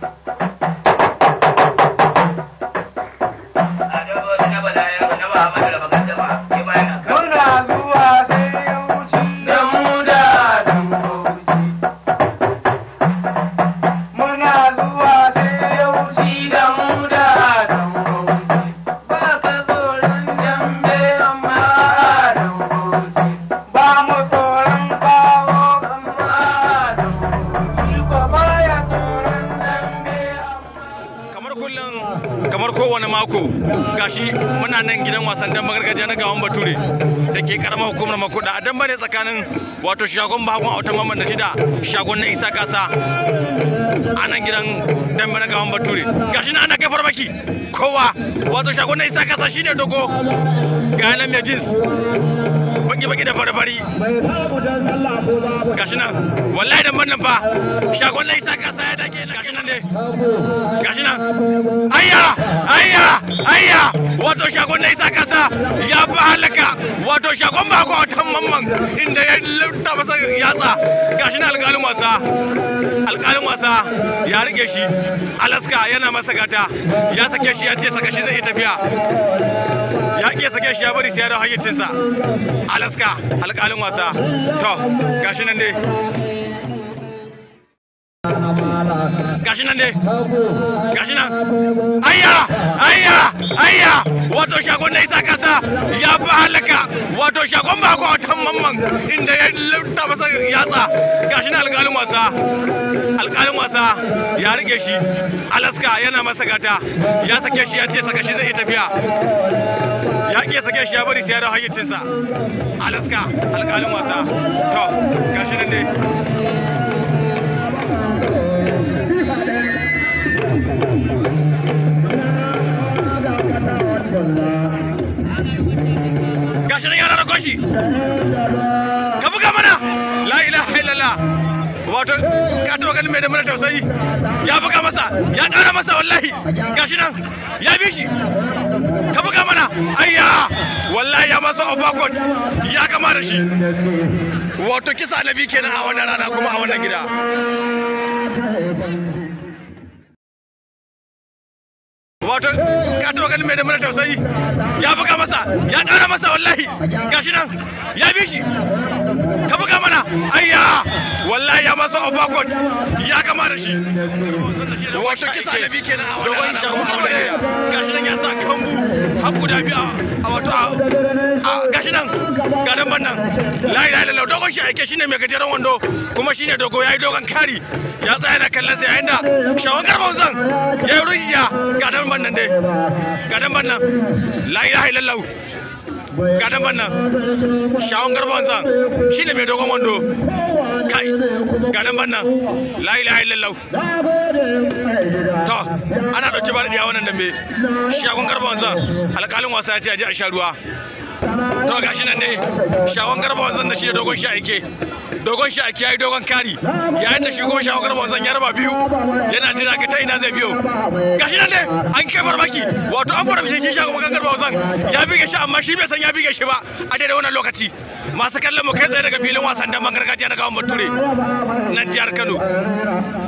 ¡Sí! shi muna nan gidan wasan dan gargajiya na gawan bature da ke karamar hukumar makuda a dambe tsakanin wato shagon bakon autan mamman da shida shagon na isa kasa a nan gidan dambe na gawan bature gashi na ana kai farmaki kowa wato shagon na isa kasa shine dogo ga nan baki-baki da fari-fari gashi nan wallahi da murnin fa shagon lai sa kasa ya dake gashi nan ne gashi nan ayya ayya ayya wato shagon lai sa kasa ya fi halaka wato shagon ba ko watan mamman inda ya lutta masa yatsa gashi nan alƙalin wasa alƙalin wasa ya rike shi alaska yana masa gata ya sake shi ya ce saka shi zai tafiya ya ke sake shi ya bari sai ya dawo hayyacinsa alaska alƙalin wasa to gashi nan dai gashi nan dai gashi nan ayya ayya ayya wato shagon da isa kasa ya fi halaka wato shagon ba musamman inda ya lauta masa yatsa gashi na alƙalin wasa alƙalin wasa ya rike shi alaska yana masa gata ya sake shi ya ce saka shi zai yi tafiya ya ke sake shi ya bari sai da hayyacinsa alaska alƙalin wasa to gashi nan dai shi ka buga mana la ilaha illallah wato ka taɓa ganin mai da mana tausayi ya buga masa ya kara masa wallahi gashi nan ya bi shi ka buga mana ayya wallahi ya masa overcoat ya kama da shi wato kisa nabi kenan a wannan rana kuma a wannan gida wato ka taba ganin mai da mana tausayi ya buga masa ya kara masa wallahi gashi nan ya bi shi ka buga mana ayya wallahi ya masa overcoat ya kama da shi wato kisa da bi kenan a wannan gashi nan ya sa kambu har guda biyu a wato garin bannan, layi layi lalau dogon shi aike shine mai gajeren wando kuma shine dogo yayi dogon kari ya tsaya na kallon sai da shawon garban zan ya yi rujiya garin bannan dai garin bannan layi layi lalau garin bannan shawon garban zan shine mai dogon wando kai garin bannan layi layi lalau to ana dauke ba da diya wannan dambe shagon garban zan alƙalin wasa ya ce a je a sha ruwa to shi nan ne shawon garba wanzan da shi da dogon sha ake dogon sha ake yayi dogon kari yayin da shi kuma shawon garba wanzan ya raba biyu yana jira ga ta ina zai biyo shi nan ne an kai farmaki wato an fara bishin shi kuma garba wanzan ya bige shi amma shi bai san ya bige shi ba a daidai wannan lokaci masu kallon mu kai tsaye daga filin wasan damban gargajiya na gawan bature nan jihar Kano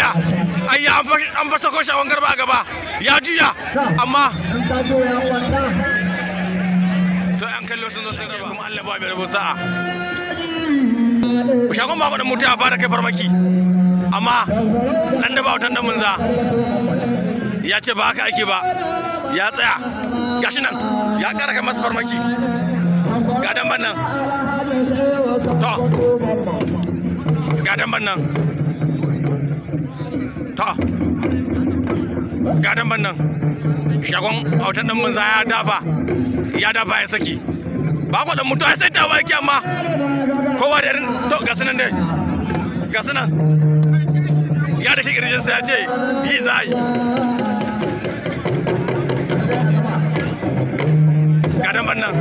ai ya an fasa ko shawon garba a gaba ya juya amma to an kallo sun zo sun raba kuma Allah ba mai rabon sa'a shagon ba kudin mutu ya fara kai farmaki amma dan da ba wutan da munza ya ce ba haka ake ba ya tsaya gashi nan ya kara kai masa farmaki ga damban nan to ga damban nan ta gadan ban nan shagon autan dan munza ya dafa ya dafa ya saki ba ku dan mutuwa sai ta ki amma kowa da to ga sunan dai ga sunan ya da kirjin sai ya ce yi zai gadan ban nan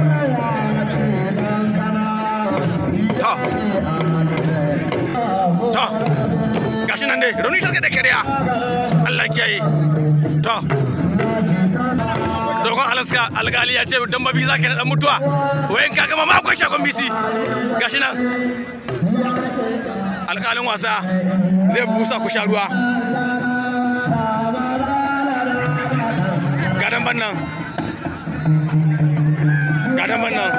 ta ta gashi nan dai rauni karka da kariya Allah kiyaye to dokon alaska alkali ya ce dan babi zaka na dan mutuwa wayan ka gama ma akwai shagon bisi gashi nan alkalin wasa zai busa ku sha ruwa gadan ban nan gadan ban nan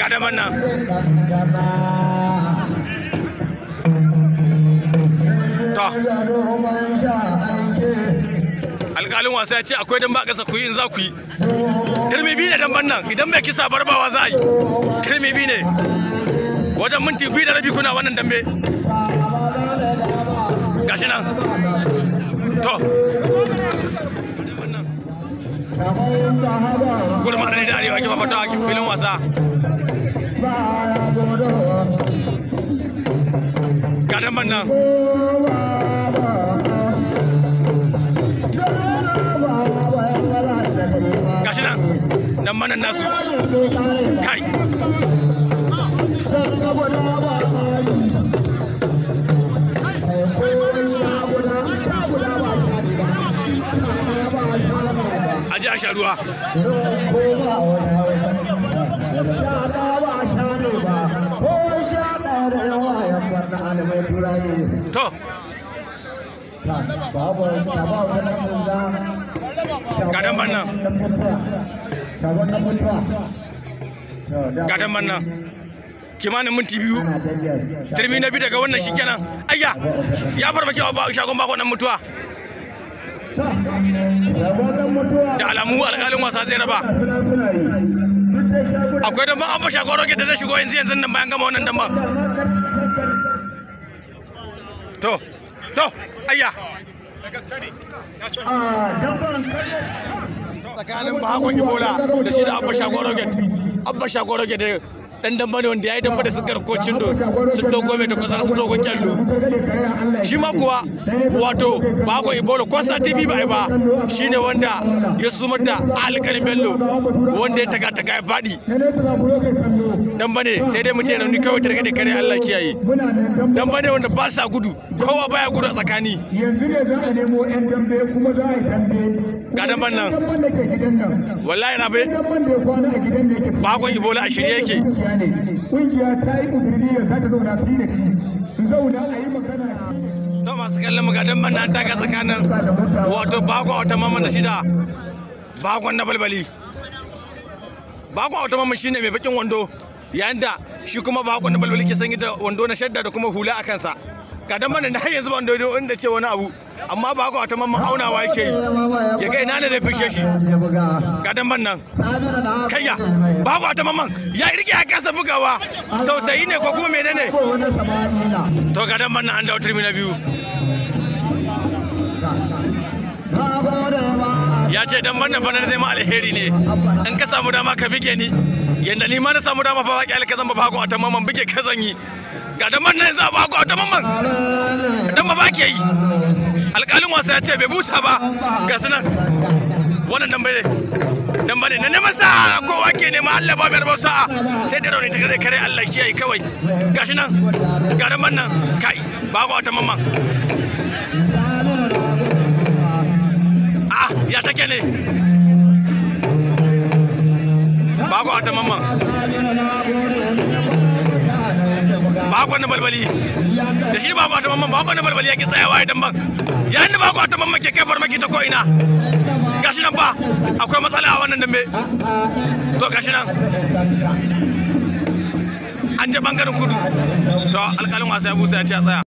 gadan ban nan ta alƙalin wasa ya ce akwai don ba ƙasa ku yi in za ku yi turmi biyu ne damban nan idan bai kisa barbawa za a yi turmi biyu ne wajen minti biyu da rabi kuna wannan dambe gashi nan to gulma da arewa ake babata a filin wasa nan gashi nan nan manan nasu kai aje a sha Oh ko ba wani ba malamai to babu babu wannan da banna kimanin minti biyu turmi na biyu daga wannan shi kenan ayya ya farmaki shagon bakon nan mutuwa da alamu Alkalin wasa zai raba akwai damba an ba shagon roke da zai shigo yanzu yanzu nan bayan gama wannan damba to to ayya ah, tsakanin bahakon ibola da shi da abba shagoro gate abba shagoro gate eh. dan dan bane wanda yayi damba da sukar kocin do sun dogo mai takwasa su dogo kyallo shi ma kuwa wato ba ibolo ko bolo kosa bai ba shine wanda ya sumar da alƙalin bello wanda ya taga taga ya fadi dan bane sai dai mutum rauni kawai targa da kare Allah kiyaye dan bane wanda ba sa gudu kowa baya gudu a tsakani yanzu ne za a nemo yan dambe kuma za a yi dambe ga damban nan wallahi na bai bakon ibola a shirye yake ne kungiya ta yi kudurni ya za ta zauna su yi da shi su zauna a yi magana to masu kallon magadan ban nan ga tsakanin wato bako wata mamma da shida bakon na balbali bako wata mamma shine mai bakin wando yayin da shi kuma bako na balbali ke sanya da wando na shadda da kuma hula a kansa dan bana na har yanzu ban dodo inda ce wani abu amma ba ku wata mamman aunawa yake yi ya kai na ne zai fishe shi ga damban nan kayya ba ku wata mamman ya rike ya kasa bugawa tausayi ne ko kuma ne? to ga damban nan an dawo turmi na biyu ya ce dan bannan banar zai ma alheri ne in ka samu dama ka bige ni yanda ni ma na samu dama fa baki alkazan ba ku ta mamman bige ka yi. ga dan bannan za ba ku ta mamman dan ba ke yi alƙalin wasa ya ce bai busa ba ga sunan wannan dambe ne dambe ne na neman sa'a wake ne ma Allah ba biyar sa'a sai da rauni ta kare kare Allah shi yayi kawai ga shi nan ga man nan kai ba ga wata mamman ah ya take ne ba ga wata mamman bakon na balbali da shi bako ta mamman bakon na balbali yake tsayawa idan ban yayin da bako ta mamman ke kai farmaki ta ko'ina gashi nan ba akwai matsala a wannan dambe to gashi nan an je bangaren kudu to alkalin wasa ya busa ya ce a tsaya